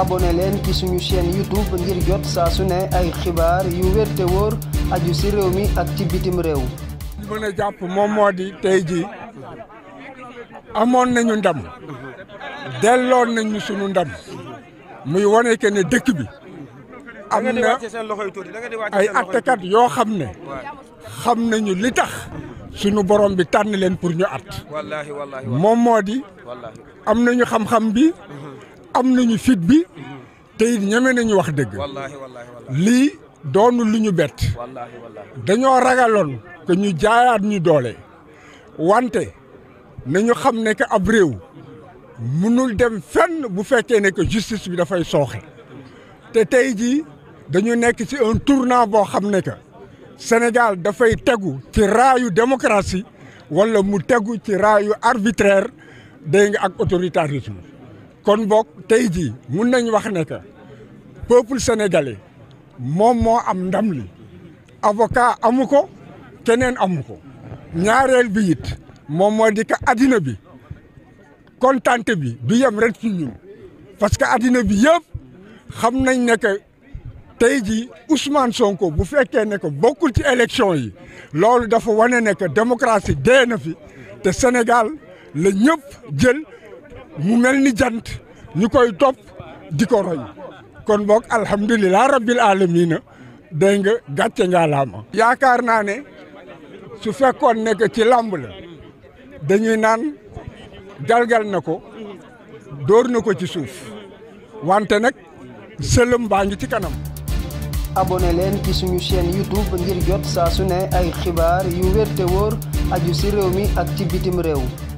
abonné leen ci suñu chaîne YouTube ngir jot saa su ne ay xibaar yu wér te wóor aju si réew mi ak ci bitim réew. li jàpp moom moo di tey jii amoon nañu ndam delloon nañu suñu ndam muy wane que ne dëkk bi am na ay attekat yoo xam ne xam nañu li tax suñu borom bi tànn leen pour ñu at moom moo di am nañu xam-xam bi. am nañu fit bi te it ñeme nañu wax dëgg lii doonu lu ñu bett dañoo ragaloon que ñu jaayaat ñu doole wante nañu xam ne que ab réew mënul dem fenn bu fekkee ne que justice bi dafay sooxe te tey jii dañu nekk ci un tournant boo xam ne que Sénégal dafay tegu ci raayu démocratie wala mu tegu ci raayu arbitraire dégg nga ak autoritarisme kon boog tey jii mun nañ wax ne que peuple sénégalais moom moo am ndam li avocat amu ko keneen amu ko ñaareel bi it moom moo di que addina bi kontante bi du yem rek ci ñun parce que addina bi yëpp xam nañ ne tey ji Ousmane Sonko bu fekkee ne que bokkul ci élection yi loolu dafa wane nekk que démocratie na fi te Sénégal la ñëpp jël. mu mel ni jant ñu koy topp di ko roy kon boog alhamdulilah rabbil alamina dégg nga gàcce nga laama yaakaar naa ne su fekkoon ne ci làmb la dañuy naan jalgal na ko dóor na ko ci suuf wante nag sëlëm baa ngi ci kanam abonné leen ci suñu chaîne youtube ngir jot saa su ne ay xibaar yu wér wóor aju si réew mi ak ci bitim réew